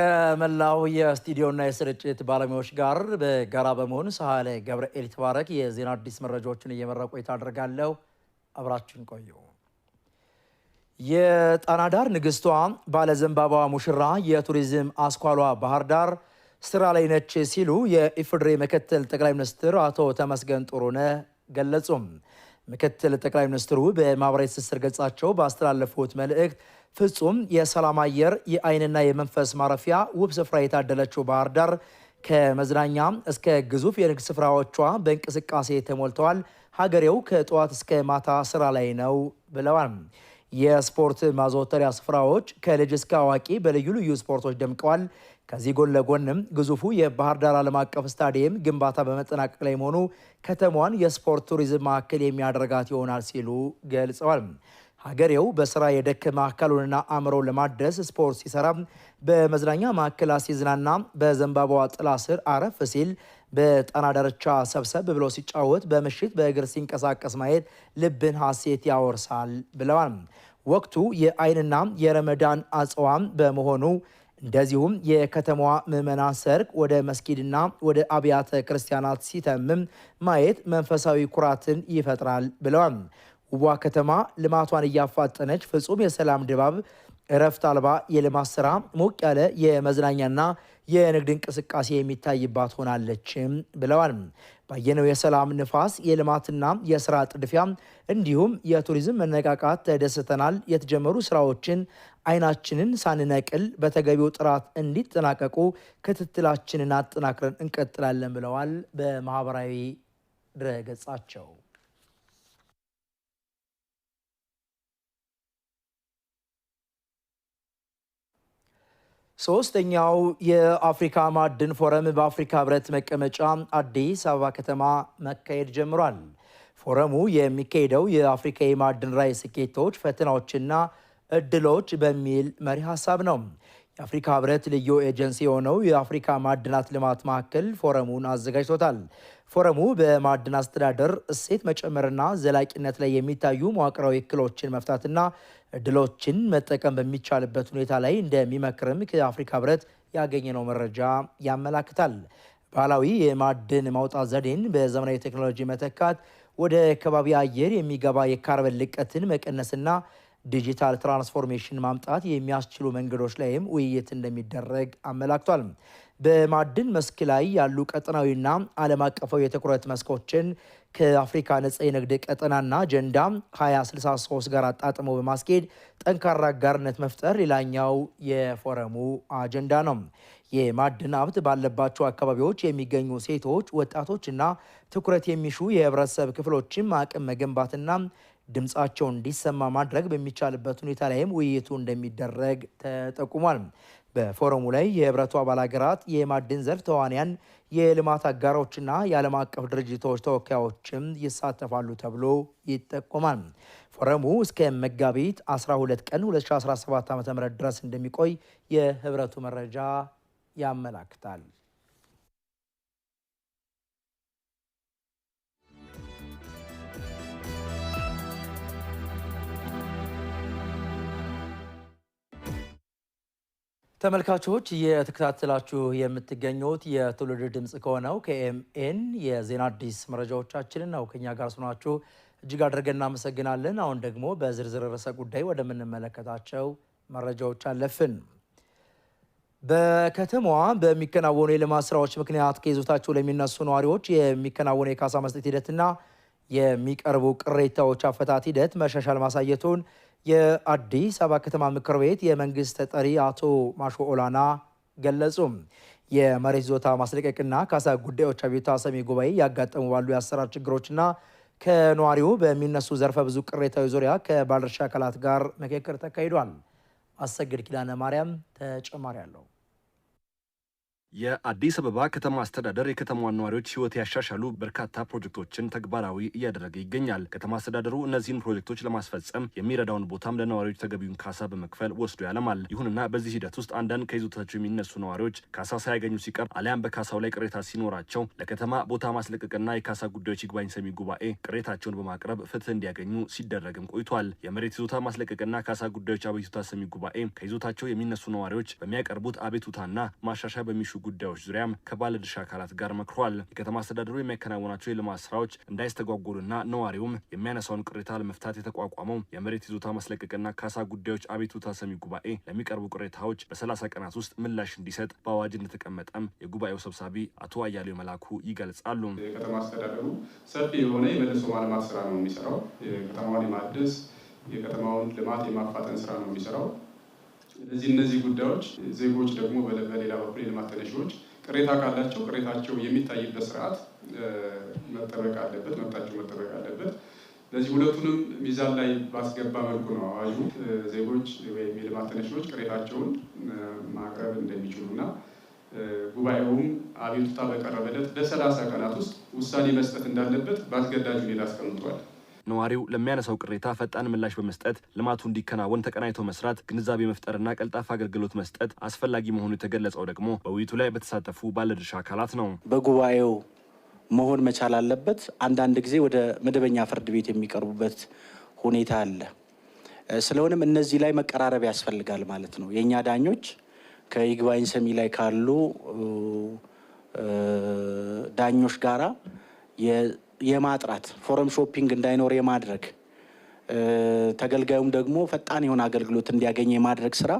ከመላው የስቱዲዮና የስርጭት ባለሙያዎች ጋር በጋራ በመሆን ሰዓሊ ገብረኤል ተባረክ የዜና አዲስ መረጃዎችን እየመራ ቆይታ አድርጋለሁ። አብራችን ቆዩ። የጣና ዳር ንግስቷ ባለዘንባባ ሙሽራ የቱሪዝም አስኳሏ ባህር ዳር ስራ ላይ ነች ሲሉ የኢፍድሪ ምክትል ጠቅላይ ሚኒስትር አቶ ተመስገን ጥሩነህ ገለጹም። ምክትል ጠቅላይ ሚኒስትሩ በማህበራዊ ትስስር ገጻቸው ባስተላለፉት መልእክት ፍጹም የሰላም አየር የአይንና የመንፈስ ማረፊያ ውብ ስፍራ የታደለችው ባህር ዳር ከመዝናኛ እስከ ግዙፍ የንግድ ስፍራዎቿ በእንቅስቃሴ ተሞልተዋል። ሀገሬው ከጠዋት እስከ ማታ ስራ ላይ ነው ብለዋል። የስፖርት ማዘወተሪያ ስፍራዎች ከልጅ እስከ አዋቂ በልዩ ልዩ ስፖርቶች ደምቀዋል። ከዚህ ጎን ለጎንም ግዙፉ የባህር ዳር ዓለም አቀፍ ስታዲየም ግንባታ በመጠናቀቅ ላይ መሆኑ ከተማዋን የስፖርት ቱሪዝም ማዕከል የሚያደርጋት ይሆናል ሲሉ ገልጸዋል። ሀገሬው በስራ የደከመ አካሉንና አእምሮ ለማድረስ ስፖርት ሲሰራ፣ በመዝናኛ ማዕከላት ሲዝናና፣ በዘንባባዋ ጥላ ስር አረፍ ሲል፣ በጣና ዳርቻ ሰብሰብ ብሎ ሲጫወት፣ በምሽት በእግር ሲንቀሳቀስ ማየት ልብን ሀሴት ያወርሳል ብለዋል። ወቅቱ የአይንና የረመዳን አጽዋም በመሆኑ እንደዚሁም የከተማዋ ምዕመናን ሰርክ ወደ መስጊድና ወደ አብያተ ክርስቲያናት ሲተምም ማየት መንፈሳዊ ኩራትን ይፈጥራል ብለዋል። ውቧ ከተማ ልማቷን እያፋጠነች ፍጹም የሰላም ድባብ እረፍት አልባ የልማት ስራ ሞቅ ያለ የመዝናኛና የንግድ እንቅስቃሴ የሚታይባት ሆናለችም ብለዋል። ባየነው የሰላም ንፋስ የልማትና የስራ ጥድፊያ እንዲሁም የቱሪዝም መነቃቃት ተደስተናል። የተጀመሩ ስራዎችን አይናችንን ሳንነቅል በተገቢው ጥራት እንዲጠናቀቁ ክትትላችንን አጠናክረን እንቀጥላለን ብለዋል በማህበራዊ ድረገጻቸው ሶስተኛው የአፍሪካ ማዕድን ፎረም በአፍሪካ ህብረት መቀመጫ አዲስ አበባ ከተማ መካሄድ ጀምሯል። ፎረሙ የሚካሄደው የአፍሪካ የማዕድን ራዕይ ስኬቶች፣ ፈተናዎችና እድሎች በሚል መሪ ሀሳብ ነው። የአፍሪካ ህብረት ልዩ ኤጀንሲ የሆነው የአፍሪካ ማዕድናት ልማት ማዕከል ፎረሙን አዘጋጅቶታል። ፎረሙ በማዕድን አስተዳደር እሴት መጨመርና ዘላቂነት ላይ የሚታዩ መዋቅራዊ እክሎችን መፍታትና እድሎችን መጠቀም በሚቻልበት ሁኔታ ላይ እንደሚመክርም ከአፍሪካ ህብረት ያገኘነው መረጃ ያመላክታል። ባህላዊ የማዕድን ማውጣት ዘዴን በዘመናዊ ቴክኖሎጂ መተካት ወደ ከባቢ አየር የሚገባ የካርበን ልቀትን መቀነስና ዲጂታል ትራንስፎርሜሽን ማምጣት የሚያስችሉ መንገዶች ላይም ውይይት እንደሚደረግ አመላክቷል። በማዕድን መስክ ላይ ያሉ ቀጠናዊና ዓለም አቀፋዊ የትኩረት መስኮችን ከአፍሪካ ነጻ የንግድ ቀጠናና አጀንዳ 2063 ጋር አጣጥሞ በማስኬድ ጠንካራ አጋርነት መፍጠር ሌላኛው የፎረሙ አጀንዳ ነው። የማዕድን ሀብት ባለባቸው አካባቢዎች የሚገኙ ሴቶች፣ ወጣቶችና ትኩረት የሚሹ የህብረተሰብ ክፍሎችም አቅም መገንባትና ድምፃቸውን እንዲሰማ ማድረግ በሚቻልበት ሁኔታ ላይም ውይይቱ እንደሚደረግ ተጠቁሟል። በፎረሙ ላይ የህብረቱ አባል ሀገራት የማዕድን ዘርፍ ተዋንያን፣ የልማት አጋሮችና የዓለም አቀፍ ድርጅቶች ተወካዮችም ይሳተፋሉ ተብሎ ይጠቆማል። ፎረሙ እስከ መጋቢት 12 ቀን 2017 ም ድረስ እንደሚቆይ የህብረቱ መረጃ ያመላክታል። ተመልካቾች እየተከታተላችሁ የምትገኙት የትውልድ ድምፅ ከሆነው ከኤምኤን የዜና አዲስ መረጃዎቻችንን ነው። ከኛ ጋር ስናችሁ እጅግ አድርገን እናመሰግናለን። አሁን ደግሞ በዝርዝር ርዕሰ ጉዳይ ወደምንመለከታቸው መረጃዎች አለፍን። በከተማዋ በሚከናወኑ የልማት ስራዎች ምክንያት ከይዞታቸው ለሚነሱ ነዋሪዎች የሚከናወኑ የካሳ መስጠት ሂደትና የሚቀርቡ ቅሬታዎች አፈታት ሂደት መሻሻል ማሳየቱን የአዲስ አበባ ከተማ ምክር ቤት የመንግስት ተጠሪ አቶ ማሾ ኦላና ገለጹ። የመሬት ይዞታ ማስለቀቅና ካሳ ጉዳዮች አቤቱታ ሰሚ ጉባኤ ያጋጠሙ ባሉ የአሰራር ችግሮችና ከነዋሪው በሚነሱ ዘርፈ ብዙ ቅሬታዊ ዙሪያ ከባለድርሻ አካላት ጋር ምክክር ተካሂዷል። አሰግድ ኪዳነ ማርያም ተጨማሪ አለው። የአዲስ አበባ ከተማ አስተዳደር የከተማዋ ነዋሪዎች ሕይወት ያሻሻሉ በርካታ ፕሮጀክቶችን ተግባራዊ እያደረገ ይገኛል። ከተማ አስተዳደሩ እነዚህን ፕሮጀክቶች ለማስፈጸም የሚረዳውን ቦታም ለነዋሪዎች ተገቢውን ካሳ በመክፈል ወስዶ ያለማል። ይሁንና በዚህ ሂደት ውስጥ አንዳንድ ከይዞታቸው የሚነሱ ነዋሪዎች ካሳ ሳያገኙ ሲቀር አሊያም በካሳው ላይ ቅሬታ ሲኖራቸው ለከተማ ቦታ ማስለቀቅና የካሳ ጉዳዮች ይግባኝ ሰሚ ጉባኤ ቅሬታቸውን በማቅረብ ፍትህ እንዲያገኙ ሲደረግም ቆይቷል። የመሬት ይዞታ ማስለቀቅና ካሳ ጉዳዮች አቤቱታ ሰሚ ጉባኤ ከይዞታቸው የሚነሱ ነዋሪዎች በሚያቀርቡት አቤቱታና ማሻሻያ በሚሹ ጉዳዮች ዙሪያም ከባለድርሻ አካላት ጋር መክሯል። የከተማ አስተዳደሩ የሚያከናውናቸው የልማት ስራዎች እንዳይስተጓጎሉና ነዋሪውም የሚያነሳውን ቅሬታ ለመፍታት የተቋቋመው የመሬት ይዞታ ማስለቀቅና ካሳ ጉዳዮች አቤቱታ ሰሚ ጉባኤ ለሚቀርቡ ቅሬታዎች በሰላሳ ቀናት ውስጥ ምላሽ እንዲሰጥ በአዋጅ እንደተቀመጠም የጉባኤው ሰብሳቢ አቶ አያሌው መላኩ ይገልጻሉ። የከተማ አስተዳደሩ ሰፊ የሆነ የመልሶ ማልማት ስራ ነው የሚሰራው። የከተማዋን የማደስ የከተማውን ልማት የማፋጠን ስራ ነው የሚሰራው። እነዚህ እነዚህ ጉዳዮች ዜጎች ደግሞ በሌላ በኩል የልማት ተነሺዎች ቅሬታ ካላቸው ቅሬታቸው የሚታይበት ስርዓት መጠበቅ አለበት፣ መብታቸው መጠበቅ አለበት። ለዚህ ሁለቱንም ሚዛን ላይ ባስገባ መልኩ ነው አዋጁ ዜጎች ወይም የልማት ተነሺዎች ቅሬታቸውን ማቅረብ እንደሚችሉና ጉባኤውም አቤቱታ በቀረበለት በሰላሳ ቀናት ውስጥ ውሳኔ መስጠት እንዳለበት በአስገዳጅ ሁኔታ አስቀምጧል። ነዋሪው ለሚያነሳው ቅሬታ ፈጣን ምላሽ በመስጠት ልማቱ እንዲከናወን ተቀናይቶ መስራት፣ ግንዛቤ መፍጠርና ቀልጣፋ አገልግሎት መስጠት አስፈላጊ መሆኑ የተገለጸው ደግሞ በውይይቱ ላይ በተሳተፉ ባለድርሻ አካላት ነው። በጉባኤው መሆን መቻል አለበት። አንዳንድ ጊዜ ወደ መደበኛ ፍርድ ቤት የሚቀርቡበት ሁኔታ አለ። ስለሆነም እነዚህ ላይ መቀራረብ ያስፈልጋል ማለት ነው። የእኛ ዳኞች ከይግባኝ ሰሚ ላይ ካሉ ዳኞች ጋራ የማጥራት ፎረም ሾፒንግ እንዳይኖር የማድረግ ተገልጋዩም ደግሞ ፈጣን የሆነ አገልግሎት እንዲያገኝ የማድረግ ስራ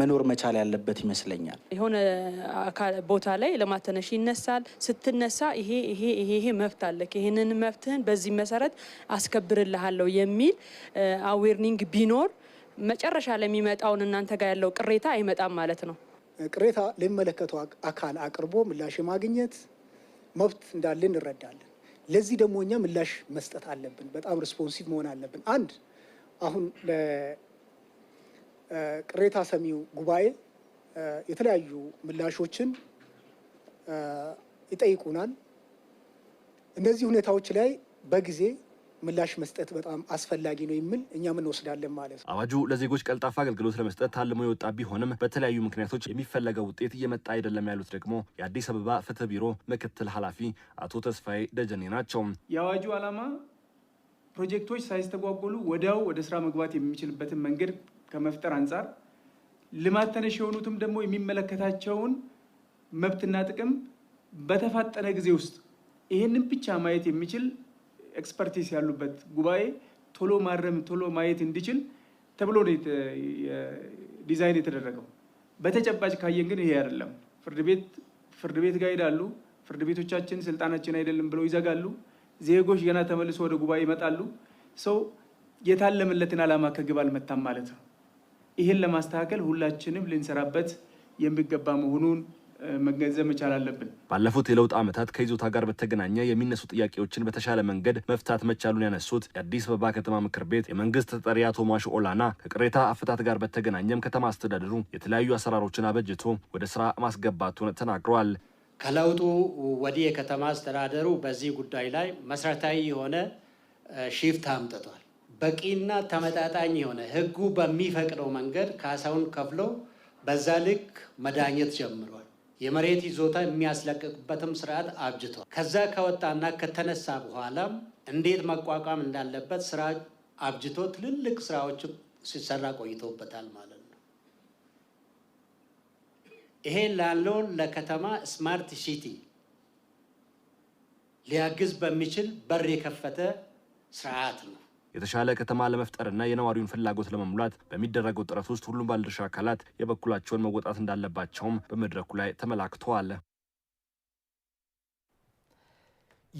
መኖር መቻል ያለበት ይመስለኛል። የሆነ ቦታ ላይ ለማተነሽ ይነሳል። ስትነሳ ይሄ ይሄ ይሄ መብት አለክ፣ ይህንን መብትህን በዚህ መሰረት አስከብርልሃለሁ የሚል አዌርኒንግ ቢኖር መጨረሻ ለሚመጣውን እናንተ ጋር ያለው ቅሬታ አይመጣም ማለት ነው። ቅሬታ ለሚመለከተው አካል አቅርቦ ምላሽ የማግኘት መብት እንዳለ እንረዳለን። ለዚህ ደግሞ እኛ ምላሽ መስጠት አለብን። በጣም ሪስፖንሲቭ መሆን አለብን። አንድ አሁን ለቅሬታ ሰሚው ጉባኤ የተለያዩ ምላሾችን ይጠይቁናል። እነዚህ ሁኔታዎች ላይ በጊዜ ምላሽ መስጠት በጣም አስፈላጊ ነው የሚል እኛም እንወስዳለን ማለት ነው። አዋጁ ለዜጎች ቀልጣፋ አገልግሎት ለመስጠት ታልሞ የወጣ ቢሆንም በተለያዩ ምክንያቶች የሚፈለገው ውጤት እየመጣ አይደለም ያሉት ደግሞ የአዲስ አበባ ፍትህ ቢሮ ምክትል ኃላፊ አቶ ተስፋዬ ደጀኔ ናቸው። የአዋጁ ዓላማ ፕሮጀክቶች ሳይስተጓጎሉ ወዲያው ወደ ስራ መግባት የሚችልበትን መንገድ ከመፍጠር አንጻር ልማት ተነሽ የሆኑትም ደግሞ የሚመለከታቸውን መብትና ጥቅም በተፋጠነ ጊዜ ውስጥ ይህንን ብቻ ማየት የሚችል ኤክስፐርቲስ ያሉበት ጉባኤ ቶሎ ማረም ቶሎ ማየት እንዲችል ተብሎ ነው ዲዛይን የተደረገው። በተጨባጭ ካየን ግን ይሄ አይደለም። ፍርድ ቤት ፍርድ ቤት ጋር ይሄዳሉ። ፍርድ ቤቶቻችን ስልጣናችን አይደለም ብለው ይዘጋሉ። ዜጎች ገና ተመልሶ ወደ ጉባኤ ይመጣሉ። ሰው የታለመለትን ዓላማ ከግብ አልመታም ማለት ነው። ይህን ለማስተካከል ሁላችንም ልንሰራበት የሚገባ መሆኑን መገንዘብ መቻል አለብን። ባለፉት የለውጥ ዓመታት ከይዞታ ጋር በተገናኘ የሚነሱ ጥያቄዎችን በተሻለ መንገድ መፍታት መቻሉን ያነሱት የአዲስ አበባ ከተማ ምክር ቤት የመንግስት ተጠሪ አቶ ማሾ ኦላና ከቅሬታ አፈታት ጋር በተገናኘም ከተማ አስተዳደሩ የተለያዩ አሰራሮችን አበጅቶ ወደ ስራ ማስገባቱን ተናግረዋል። ከለውጡ ወዲህ የከተማ አስተዳደሩ በዚህ ጉዳይ ላይ መሰረታዊ የሆነ ሺፍት አምጥቷል። በቂና ተመጣጣኝ የሆነ ህጉ በሚፈቅደው መንገድ ካሳውን ከፍሎ በዛ ልክ መዳኘት ጀምሯል። የመሬት ይዞታ የሚያስለቅቅበትም ስርዓት አብጅቷል። ከዛ ከወጣና ከተነሳ በኋላም እንዴት መቋቋም እንዳለበት ስራ አብጅቶ ትልልቅ ስራዎች ሲሰራ ቆይቶበታል ማለት ነው። ይሄ ላለው ለከተማ ስማርት ሲቲ ሊያግዝ በሚችል በር የከፈተ ስርዓት ነው። የተሻለ ከተማ ለመፍጠርና የነዋሪውን ፍላጎት ለመሙላት በሚደረገው ጥረት ውስጥ ሁሉም ባለድርሻ አካላት የበኩላቸውን መወጣት እንዳለባቸውም በመድረኩ ላይ ተመላክተዋል።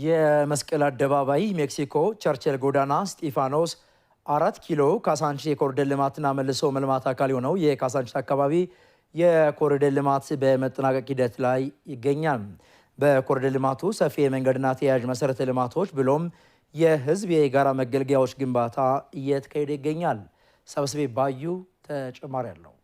የመስቀል አደባባይ፣ ሜክሲኮ፣ ቸርችል ጎዳና፣ ስጢፋኖስ፣ አራት ኪሎ፣ ካሳንቺስ የኮሪደር ልማትና መልሶ መልማት አካል የሆነው የካሳንቺስ አካባቢ የኮሪደር ልማት በመጠናቀቅ ሂደት ላይ ይገኛል። በኮሪደር ልማቱ ሰፊ የመንገድና ተያያዥ መሰረተ ልማቶች ብሎም የህዝብ የጋራ መገልገያዎች ግንባታ እየተካሄደ ይገኛል። ሰብስቤ ባዩ ተጨማሪ አለው።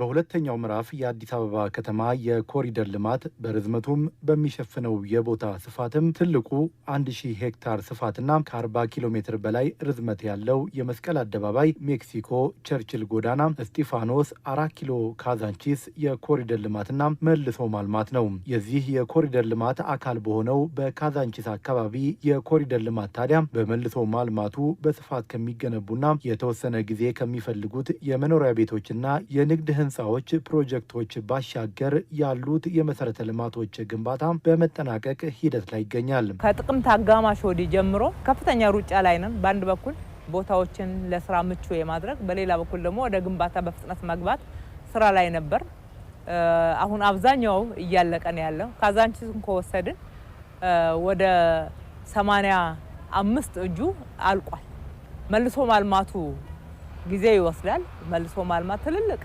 በሁለተኛው ምዕራፍ የአዲስ አበባ ከተማ የኮሪደር ልማት በርዝመቱም በሚሸፍነው የቦታ ስፋትም ትልቁ 1000 ሄክታር ስፋትና ከ40 ኪሎ ሜትር በላይ ርዝመት ያለው የመስቀል አደባባይ፣ ሜክሲኮ፣ ቸርችል ጎዳና፣ እስጢፋኖስ፣ አራት ኪሎ፣ ካዛንቺስ የኮሪደር ልማትና መልሶ ማልማት ነው። የዚህ የኮሪደር ልማት አካል በሆነው በካዛንቺስ አካባቢ የኮሪደር ልማት ታዲያ በመልሶ ማልማቱ በስፋት ከሚገነቡና የተወሰነ ጊዜ ከሚፈልጉት የመኖሪያ ቤቶችና የንግድ ህንፃዎች ፕሮጀክቶች ባሻገር ያሉት የመሰረተ ልማቶች ግንባታ በመጠናቀቅ ሂደት ላይ ይገኛል። ከጥቅምት አጋማሽ ወዲህ ጀምሮ ከፍተኛ ሩጫ ላይ ነን። በአንድ በኩል ቦታዎችን ለስራ ምቹ የማድረግ በሌላ በኩል ደግሞ ወደ ግንባታ በፍጥነት መግባት ስራ ላይ ነበር። አሁን አብዛኛው እያለቀን ያለው። ካዛንቺስን ከወሰድን ወደ ሰማንያ አምስት እጁ አልቋል። መልሶ ማልማቱ ጊዜ ይወስዳል። መልሶ ማልማት ትልልቅ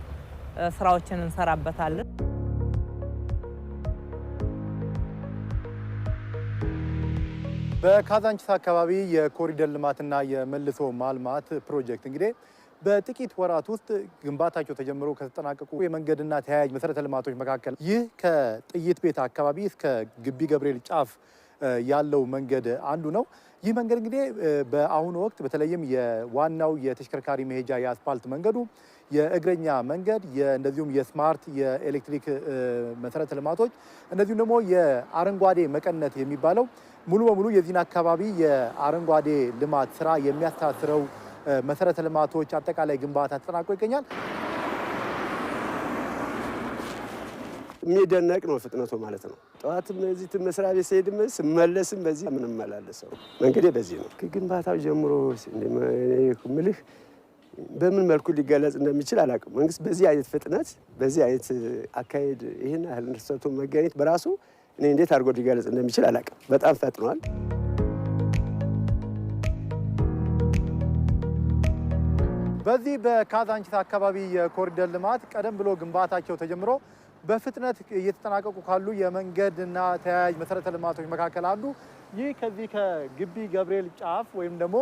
ስራዎችን እንሰራበታለን። በካዛንችስ አካባቢ የኮሪደር ልማትና የመልሶ ማልማት ፕሮጀክት እንግዲህ በጥቂት ወራት ውስጥ ግንባታቸው ተጀምሮ ከተጠናቀቁ የመንገድና ተያያዥ መሰረተ ልማቶች መካከል ይህ ከጥይት ቤት አካባቢ እስከ ግቢ ገብርኤል ጫፍ ያለው መንገድ አንዱ ነው። ይህ መንገድ እንግዲህ በአሁኑ ወቅት በተለይም የዋናው የተሽከርካሪ መሄጃ የአስፓልት መንገዱ የእግረኛ መንገድ፣ እንደዚሁም የስማርት የኤሌክትሪክ መሰረተ ልማቶች እንደዚሁም ደግሞ የአረንጓዴ መቀነት የሚባለው ሙሉ በሙሉ የዚህን አካባቢ የአረንጓዴ ልማት ስራ የሚያስተሳስረው መሰረተ ልማቶች አጠቃላይ ግንባታ ተጠናቆ ይገኛል። የሚደነቅ ነው ፍጥነቱ ማለት ነው። ጠዋትም እዚህ መስሪያ ቤት ስሄድም ስመለስም በዚህ የምንመላለሰው መንገዴ በዚህ ነው። ከግንባታው ጀምሮ ምልህ በምን መልኩ ሊገለጽ እንደሚችል አላውቅም። መንግስት በዚህ አይነት ፍጥነት፣ በዚህ አይነት አካሄድ ይህን ያህል ሰርቶ መገኘት በራሱ እኔ እንዴት አድርጎ ሊገለጽ እንደሚችል አላውቅም። በጣም ፈጥኗል። በዚህ በካዛንቺስ አካባቢ የኮሪደር ልማት ቀደም ብሎ ግንባታቸው ተጀምሮ በፍጥነት እየተጠናቀቁ ካሉ እና ተያያዥ መሰረተ ልማቶች መካከል አንዱ ይህ ከዚህ ከግቢ ገብርኤል ጫፍ ወይም ደግሞ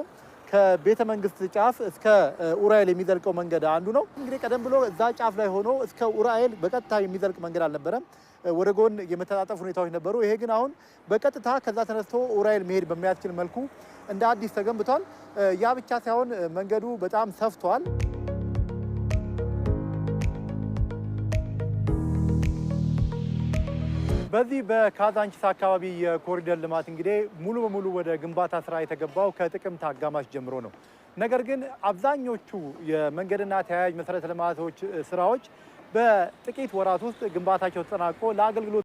ከቤተ መንግስት ጫፍ እስከ ኡራኤል የሚዘልቀው መንገድ አንዱ ነው። እንግዲህ ቀደም ብሎ እዛ ጫፍ ላይ ሆኖ እስከ ኡራኤል በቀጥታ የሚዘልቅ መንገድ አልነበረም። ወደ ጎን የመተጣጠፍ ሁኔታዎች ነበሩ። ይሄ ግን አሁን በቀጥታ ከዛ ተነስቶ ኡራኤል መሄድ በሚያስችል መልኩ እንደ አዲስ ተገንብቷል። ያ ብቻ ሳይሆን መንገዱ በጣም ሰፍቷል። በዚህ በካዛንቺስ አካባቢ የኮሪደር ልማት እንግዲህ ሙሉ በሙሉ ወደ ግንባታ ስራ የተገባው ከጥቅምት አጋማሽ ጀምሮ ነው። ነገር ግን አብዛኞቹ የመንገድና ተያያዥ መሰረተ ልማቶች ስራዎች በጥቂት ወራት ውስጥ ግንባታቸው ተጠናቆ ለአገልግሎት